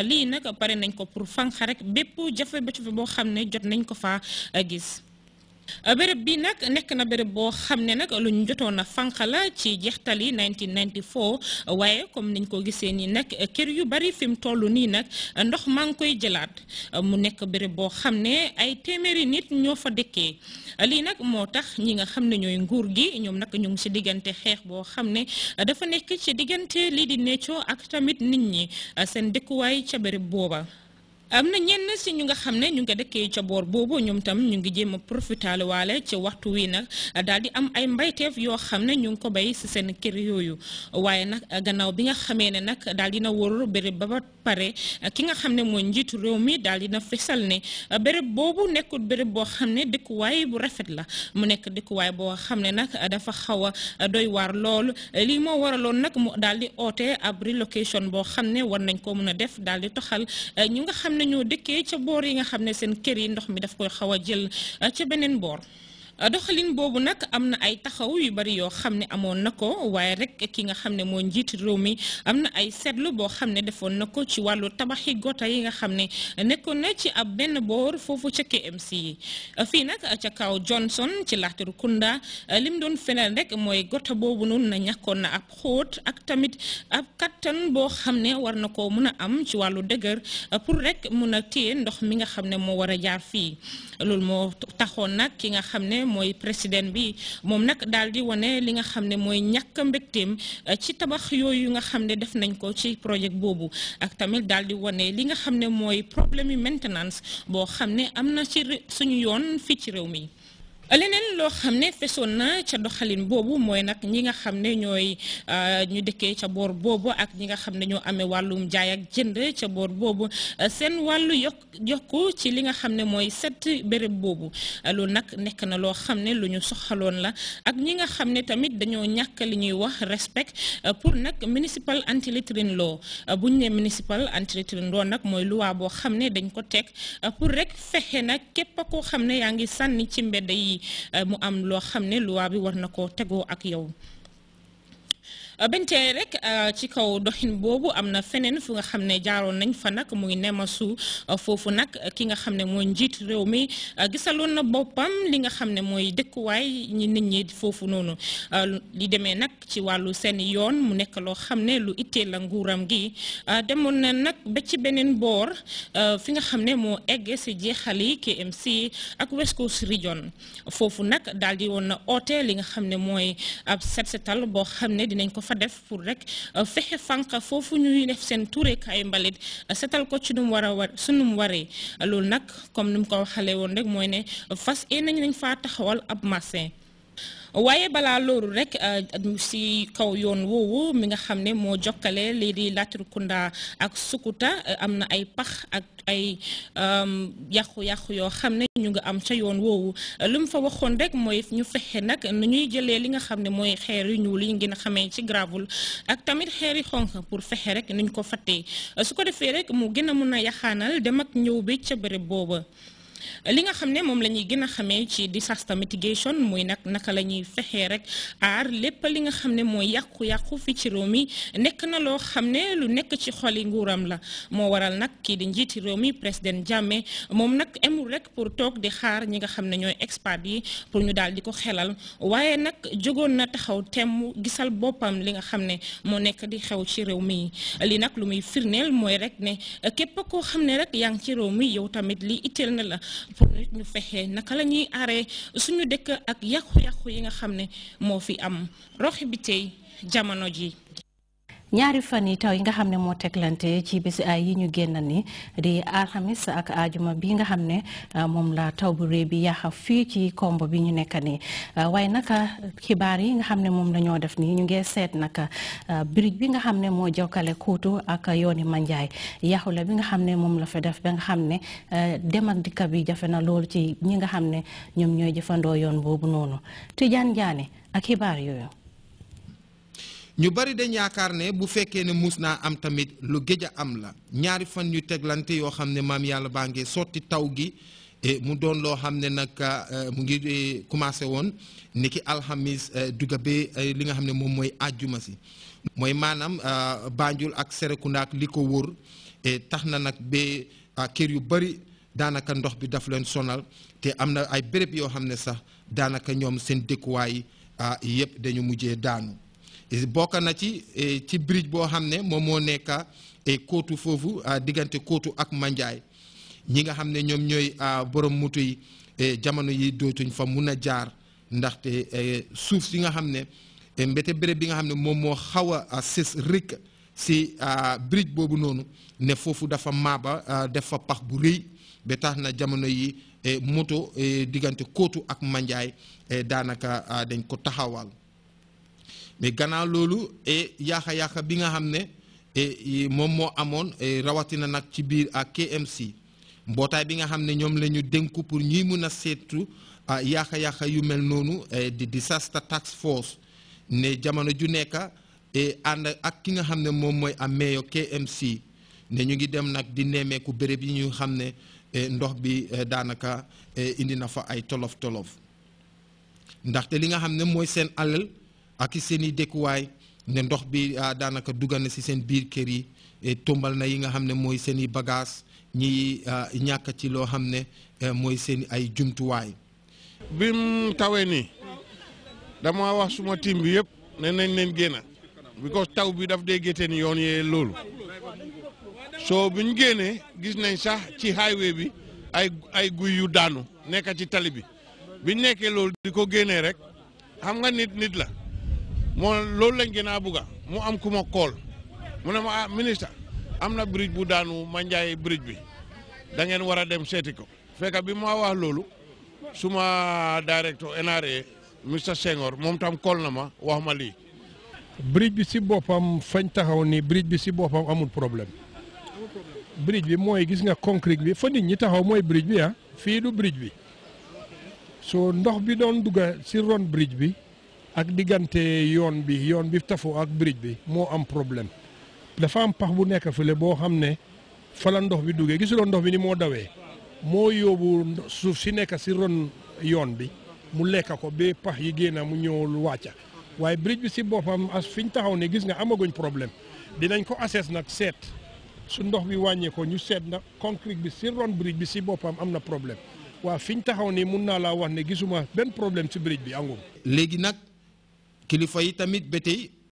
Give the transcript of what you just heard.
lii nag pare nañ ko pour fànq rek bépp jafe-jafe boo xam ne jot nañ ko faa gis. bërëb bi nag nekk na bërëb boo xam ne nag lu ñu jotoon a fànq la ci jeextali foo waaye comme niñ ko gisee nii nag kër yu bari fi mu toll nii nag ndox maa ngi koy jëlaat mu nekk bërëb boo xam ne ay téeméeri nit ñoo fa dëkkee lii nag moo tax ñi nga xam ne ñooy nguur gi ñoom nag ñu ngi ci diggante xeex boo xam ne dafa nekk ci diggante lii di neccoo ak tamit nit ñi seen dëkkuwaay ca bërëb booba. am na ñenn si ñu nga xam ne ñu nga dëkkee ca boor boobu ñoom tam ñu ngi jéem a profitaal waale ci waxtu wi nag daal di am ay mbayteef yoo xam ne ñu ngi ko bay si seen kër yooyu waaye nag gannaaw bi nga xamee ne nag daal dina wóor béréb ba pare ki nga xam ne mooy njiitu réew mi daal dina fesal ne béréb boobu nekkul béréb boo xam ne dëkkuwaay bu rafet la mu nekk dëkkuwaay boo xam ne nag dafa xaw a doy waar lool lii moo waraloon nag mu daal di oote ab relocation boo xam ne war nañ ko mën a def daal di toxal ñu nga xam nañu dëkkee ca boor yi nga xam ne seen kër yi ndox mi daf koy xaw a jël ca beneen boor Euh, doxalin boobu nag am na ay taxaw yu bari yoo xam ne amoon na ko waaye rek ki nga xam ne moo njiit réew mi am na ay seetlu boo xam ne defoon na ko ci wàllu tabaxi gota yi nga xam ne nekkoon na ci ab benn boor foofu ca KMC yi euh, fii nag ca kaw Johnson ci laxtaru Kunda euh, lim doon feneen rek mooy gota boobu noonu na ñàkkoon na ab xóot ak tamit ab kattan boo xam ne war na koo mun a am ci wàllu dëgër pour rekk mun a téye ndox mi nga xam ne moo war a jaar fii loolu moo taxoon nag ki nga xam ne mooy président bi moom nag daal di wane li nga xam ne mooy ñàkk mbégteem eh, ci tabax yooyu nga xam ne def nañ ko ci projet boobu ak tamit daal di wane li nga xam ne mooy problème yi maintenance boo xam ne am na ci suñu yoon fii ci réew mii leneen loo xam ne fesoon na ca doxalin boobu mooy nag ñi nga xam ne ñooy euh, ñu dëkkee ca boor boobu ak ñi nga xam ne ñoo amee wàllum jaay ak jënd ca boor boobu euh, seen wàllu yokk yokku ci li nga xam ne mooy set béréb boobu loolu nag nekk na loo xam ne lu ñu soxaloon la ak ñi nga xam ne tamit dañoo ñàkk li ñuy wax respect euh, pour nag municipal anti littering law bu ñu nee municipal anti littering law nag mooy luwaa boo xam ne dañ ko teg pour rek fexe nag képp koo xam ne yaa ngi sànni ci mbedd yi. Euh, mu am loo xam ne loi bi war na ko tegoo ak yow. Euh, bentee rek euh, ci kaw doxin boobu am na feneen fu nga xam ne jaaroon nañ fa nag muy nemasu euh, foofu nag ki nga xam ne mooy njiit réew mi gisaloon na boppam li nga xam ne mooy dëkkuwaay ñi nit ñi foofu noonu li demee nag ci wàllu seen yoon mu nekk xam ne lu ittee la nguuram gi demoon na nag ba ci beneen boor fi nga xam ne moo egg si jeexali KMC ak West Coast Region foofu nag daal di woon na oote li nga xam ne mooy ab set setal boo xam ne dinañ ko dafa def pour rek euh, fexe fànq foofu ñuy def seen tuureek ay mbalit euh, setal ko ci nu mu war a war sunu mu waree loolu nag comme ni mu ko waxalee woon rek mooy ne fas yéene nañ faa taxawal ab marché. waaye balaa loolu rek si euh, kaw yoon woowu mi nga xam ne moo jokkale lii di Latrikunda ak Sukuta euh, am na ay pax ak ay euh, yàqu-yàqu yoo xam ne ñu nga am ca yoon woowu lu mu fa waxoon rek mooy ñu fexe nag nu ñuy jëlee li nga xam ne mooy xeer yu ñuul yi ngeen xamee ci gravel ak tamit xeer yu xonq pour fexe rek nuñ ko fattee su ko defee rek mu gën a mun a yaxaanal dem ak ñëw bi ca bërëb booba li nga xam ne moom la ñuy gën a xamee ci disaster mitigation muy nag naka la ñuy fexee rek aar lépp li nga xam ne mooy yàqu-yàqu fi ci réew mi nekk na loo xam ne lu nekk ci xoli nguuram la moo waral nag kii di njiiti réew mi président Jammeh moom nag emul rek pour toog di xaar ñi nga xam ne ñooy experts yi pour ñu daal di ko xelal waaye nag jógoon na taxaw temm gisal boppam li nga xam ne moo nekk di xew ci réew mi li nag lu muy firndeel mooy rek ne képp koo xam ne rek yaa ngi ci réew mi yow tamit li itteel na la pour rek ñu fexe naka la ñuy aaree suñu dëkk ak yàqu-yàqu yi nga xam ne moo fi am roxi bi tey jamono ji ñaari fan yi taw yi nga xam ne moo teglante ci ay yi ñu génn ni di alxamis ak ajuma bi nga xam ne moom la taw bu rëy bi yàq fii ci kombo bi ñu nekk nii waaye naka xibaar yi nga xam ne moom la ñoo uh, def nii ñu ngi seet naka birij bi nga xam ne moo jokkale kuutu ak yooni manjaay yàqu la bi nga xam ne moom la fa def ba nga xam ne dem ak dikka bi jafe na loolu ci ñi nga xam ne ñoom ñooy jëfandoo yoon boobu noonu Tijaan Jaane ak xibaar yooyu ñu bari dañ yaakaar ne bu fekkee ne muus naa am tamit lu géej a am la ñaari fan yu teglante yoo xam ne maam yàlla baa ngi sotti taw gi e mu doon loo xam ne nag e, mu ngi e, commencé woon ni ki alxamis duga be li nga xam ne moom mooy àjjuma si mooy maanaam baajul ak Serekunda ak li ko wóor tax na nag ba kër yu bari daanaka ndox bi daf leen sonal te am na ay béréb yoo xam ne sax daanaka ñoom seen dëkkuwaay yëpp dañu mujjee daanu bokka na ci e, ci bridge boo xam ne moom moo nekka e, kóotu foofu diggante kóotu ak manjaay ñi nga xam ne ñoom ñooy borom moto yi e, jamono yi dootuñ fa mun a jaar ndaxte suuf si nga xam ne mbete béréb bi nga xam ne moom moo xaw a sës rëkk si bridge boobu noonu ne foofu dafa maaba def fa pax bu rëy ba tax na jamono yi moto diggante kóotu ak manjaay daanaka dañ ko taxawal mais gannaaw loolu et yaaxa-yaaxa bi nga xam ne moom moo amoon rawatina nag ci biir ak KMC mbootaay bi nga xam ne ñoom lañu ñu pour ñuy mën a seetu yaaxa-yaaxa ah, yu mel noonu eh, di disaster task force ne jamono ju nekk ànd ak ki nga xam ne moom mooy am meeyo KMC ne ñu ngi dem nag di nemmeeku béréb yi ñu xam ne eh, ndox bi eh, daanaka indi na fa ay tolof tolof ndaxte li nga xam ne mooy seen alal ak seen i dëkkuwaay ne ndox bi ah, daanaka duggal na si seen biir kër yi e, tombal na yi nga xam ne mooy seen i bagage ñi ah, ñàkk ci loo xam ne e, mooy seeni ay jumtuwaay. bi mu nii dama wax suma tiim bi yëpp ne nañ leen génn because taw bi daf dee yoon yee loolu soo bu génnee gis nañ sax ci highway bi ay guy yu daanu nekk ci tali bi biñ nekkee loolu di ko génnee rek xam nga nit nit la. mo lolou lañu gëna a mu am kuma ma mu ne ma ah, ministre am bridge bu daanu Manjai bridge bi da ngeen wara dem séti ko fekk bi mo wax lolou suma directeur NRA Mr Senghor mom tam call na ma wax ma li bridge bi si bopam fañ taxaw ni bridge bi si bopam amul problème. bridge bi moy gis nga concrete bi fa nit ñi taxaw moy bridge bi ya? Ah. fi du bridge bi So ndox bi doon duga si ron bridge bi. ak diggante yoon bi yoon bi tafu ak bridge bi moo am problème dafa am pax bu nekk fële boo xam ne fala ndox bi duggee gisuloo ndox bi ni moo dawee moo yóbbu suuf si nekk si ron yoon bi mu lekk ko ba pax yi génn mu ñëwul wàcca waaye bridge bi si boppam as fi ñu taxaw ne gis nga amaguñ problème dinañ ko assess nag seet su ndox bi wàññee ko ñu seet na concrete bi si ron bridge bi si boppam am na problème waa fi ñu taxaw ne mun naa laa wax ne gisuma benn problème si bridge bi angum léegi nag kilifa yi tamit ba tey